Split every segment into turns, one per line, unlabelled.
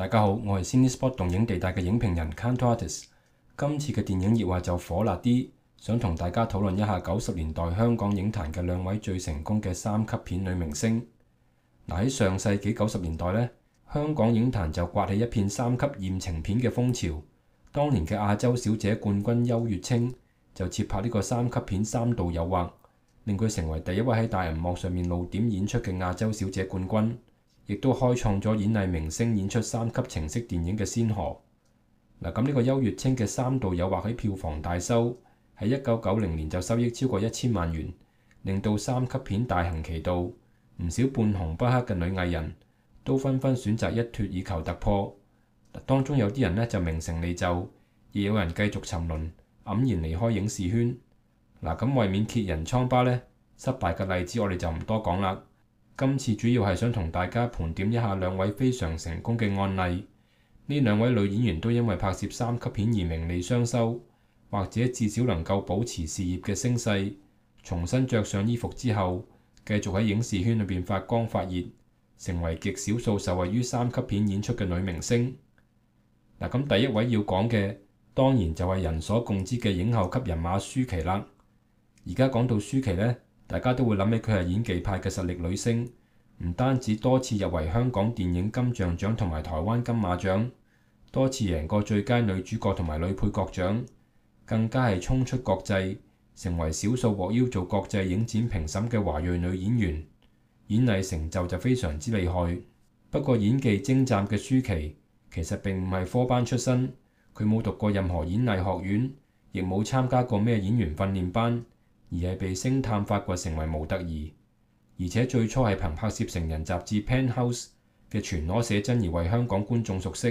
大家好，我係 Cinespot 動映地帶嘅影評人 Kantorates。今次嘅電影熱話就火辣啲，想同大家討論一下九十年代香港影壇嘅兩位最成功嘅三級片女明星。嗱、啊，喺上世紀九十年代呢香港影壇就刮起一片三級豔情片嘅風潮。當年嘅亞洲小姐冠軍邱月清就接拍呢個三級片《三度誘惑》，令佢成為第一位喺大銀幕上面露點演出嘅亞洲小姐冠軍。亦都開創咗演藝明星演出三級情色電影嘅先河。嗱，咁呢個邱月清嘅三度誘惑喺票房大收，喺一九九零年就收益超過一千萬元，令到三級片大行其道。唔少半紅不黑嘅女藝人都紛紛選擇一脱以求突破。當中有啲人呢就名成利就，亦有人繼續沉淪，黯然離開影視圈。嗱，咁為免揭人瘡疤呢，失敗嘅例子我哋就唔多講啦。今次主要係想同大家盤點一下兩位非常成功嘅案例。呢兩位女演員都因為拍攝三級片而名利雙收，或者至少能夠保持事業嘅聲勢。重新着上衣服之後，繼續喺影視圈裏邊發光發熱，成為極少數受惠於三級片演出嘅女明星。嗱，咁第一位要講嘅當然就係人所共知嘅影后級人馬舒淇啦。而家講到舒淇呢，大家都會諗起佢係演技派嘅實力女星。唔單止多次入圍香港電影金像獎同埋台灣金馬獎，多次贏過最佳女主角同埋女配角獎，更加係衝出國際，成為少數獲邀做國際影展評審嘅華裔女演員，演藝成就就非常之厲害。不過演技精湛嘅舒淇其實並唔係科班出身，佢冇讀過任何演藝學院，亦冇參加過咩演員訓練班，而係被星探發掘成為模特兒。而且最初係憑拍攝成人雜誌《Penthouse》嘅全裸寫真而為香港觀眾熟悉。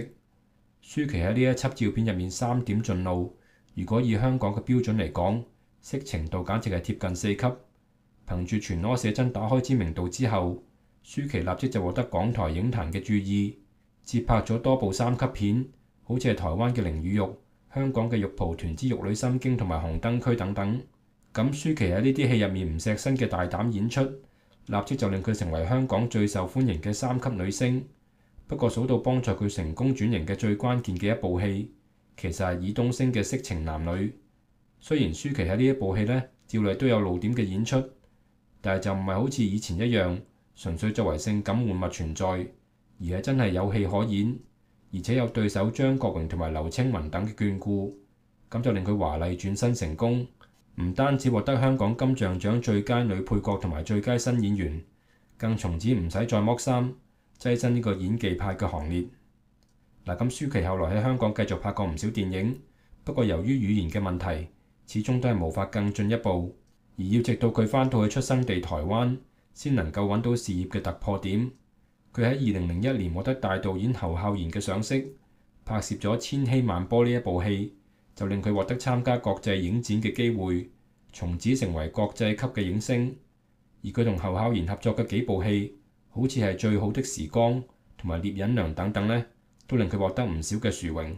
舒淇喺呢一輯照片入面三點盡露，如果以香港嘅標準嚟講，色情度簡直係貼近四級。憑住全裸寫真打開知名度之後，舒淇立即就獲得港台影壇嘅注意，接拍咗多部三級片，好似係台灣嘅《靈與欲》，香港嘅《玉蒲團之玉女心經》同埋《紅燈區》等等。咁舒淇喺呢啲戲入面唔錫身嘅大膽演出，立即就令佢成為香港最受歡迎嘅三級女星。不過數到幫助佢成功轉型嘅最關鍵嘅一部戲，其實係爾冬升嘅《色情男女》。雖然舒淇喺呢一部戲呢照例都有露點嘅演出，但係就唔係好似以前一樣，純粹作為性感玩物存在，而係真係有戲可演，而且有對手張國榮同埋劉青雲等嘅眷顧，咁就令佢華麗轉身成功。唔單止獲得香港金像獎最佳女配角同埋最佳新演員，更從此唔使再剝衫，躋身呢個演技派嘅行列。嗱咁，舒淇後來喺香港繼續拍過唔少電影，不過由於語言嘅問題，始終都係無法更進一步，而要直到佢翻到去出生地台灣，先能夠揾到事業嘅突破點。佢喺二零零一年獲得大導演侯孝賢嘅賞識，拍攝咗《千禧曼波》呢一部戲。就令佢獲得參加國際影展嘅機會，從此成為國際級嘅影星。而佢同侯孝賢合作嘅幾部戲，好似係《最好的時光》同埋《聶隱娘》等等呢，都令佢獲得唔少嘅殊榮。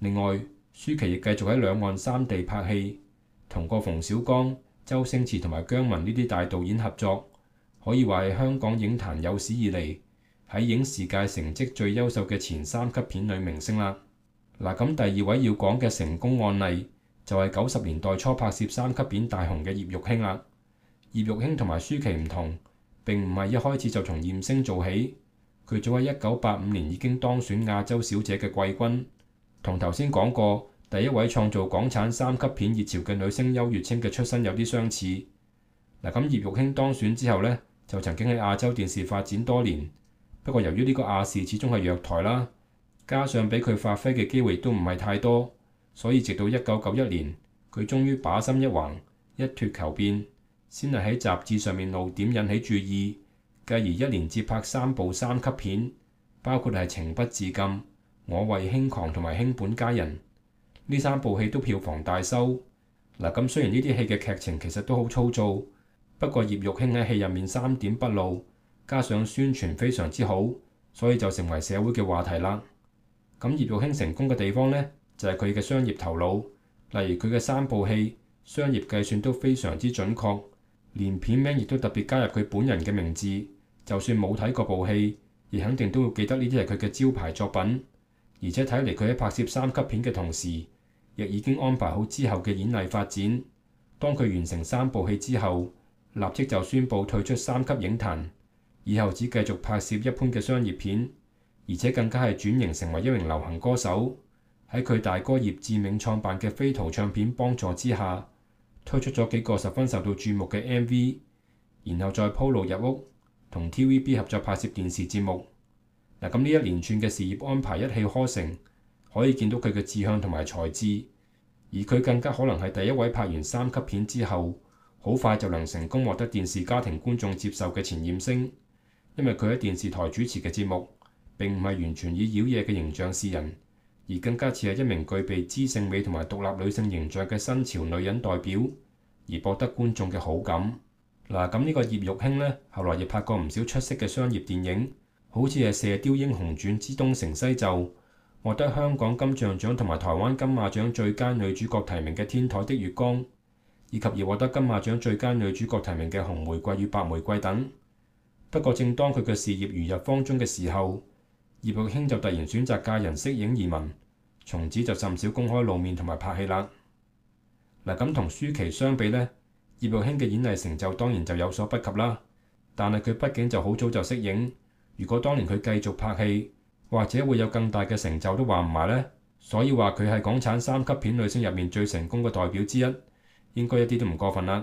另外，舒淇亦繼續喺兩岸三地拍戲，同過馮小剛、周星馳同埋姜文呢啲大導演合作，可以話係香港影壇有史以嚟喺影視界成績最優秀嘅前三級片女明星啦。嗱，咁第二位要講嘅成功案例就係九十年代初拍攝三級片大紅嘅葉玉卿啦。葉玉卿同埋舒淇唔同，並唔係一開始就從艷星做起，佢早喺一九八五年已經當選亞洲小姐嘅季軍。同頭先講過第一位創造港產三級片熱潮嘅女星邱月清嘅出身有啲相似。嗱，咁葉玉卿當選之後咧，就曾經喺亞洲電視發展多年，不過由於呢個亞視始終係弱台啦。加上俾佢發揮嘅機會都唔係太多，所以直到一九九一年，佢終於把心一橫，一脱求變，先係喺雜誌上面露點引起注意，繼而一連接拍三部三級片，包括係情不自禁、我為卿狂同埋卿本佳人，呢三部戲都票房大收。嗱，咁雖然呢啲戲嘅劇情其實都好粗糙，不過葉玉卿喺戲入面三點不露，加上宣傳非常之好，所以就成為社會嘅話題啦。咁葉玉卿成功嘅地方呢，就係佢嘅商業頭腦，例如佢嘅三部戲商業計算都非常之準確，連片名亦都特別加入佢本人嘅名字。就算冇睇過部戲，亦肯定都會記得呢啲係佢嘅招牌作品。而且睇嚟佢喺拍攝三級片嘅同時，亦已經安排好之後嘅演藝發展。當佢完成三部戲之後，立即就宣布退出三級影壇，以後只繼續拍攝一般嘅商業片。而且更加係轉型成為一名流行歌手，喺佢大哥葉志銘創辦嘅飛圖唱片幫助之下，推出咗幾個十分受到注目嘅 MV，然後再鋪路入屋，同 TVB 合作拍攝電視節目嗱。咁呢一連串嘅事業安排一氣呵成，可以見到佢嘅志向同埋才智。而佢更加可能係第一位拍完三級片之後，好快就能成功獲得電視家庭觀眾接受嘅前艷星，因為佢喺電視台主持嘅節目，並唔係完全以妖嘢嘅形象示人，而更加似係一名具備知性美同埋獨立女性形象嘅新潮女人代表，而博得觀眾嘅好感嗱。咁呢個葉玉卿呢，後來亦拍過唔少出色嘅商業電影，好似係《射雕英雄傳之東成西就》，獲得香港金像獎同埋台灣金馬獎最佳女主角提名嘅《天台的月光》，以及亦獲得金馬獎最佳女主角提名嘅《紅玫瑰與白玫瑰》等。不過，正當佢嘅事業如日方中嘅時候，葉玉卿就突然選擇嫁人、息影移民，從此就甚少公開露面同埋拍戲啦。嗱，咁同舒淇相比呢，葉玉卿嘅演藝成就當然就有所不及啦。但係佢畢竟就好早就息影，如果當年佢繼續拍戲，或者會有更大嘅成就都話唔埋呢。所以話佢係港產三級片女星入面最成功嘅代表之一，應該一啲都唔過分啦。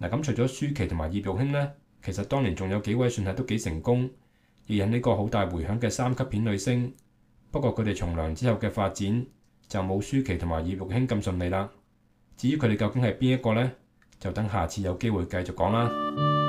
嗱，咁除咗舒淇同埋葉玉卿呢，其實當年仲有幾位算係都幾成功。而引呢個好大迴響嘅三級片女星，不過佢哋從良之後嘅發展就冇舒淇同埋葉玉卿咁順利啦。至於佢哋究竟係邊一個呢？就等下次有機會繼續講啦。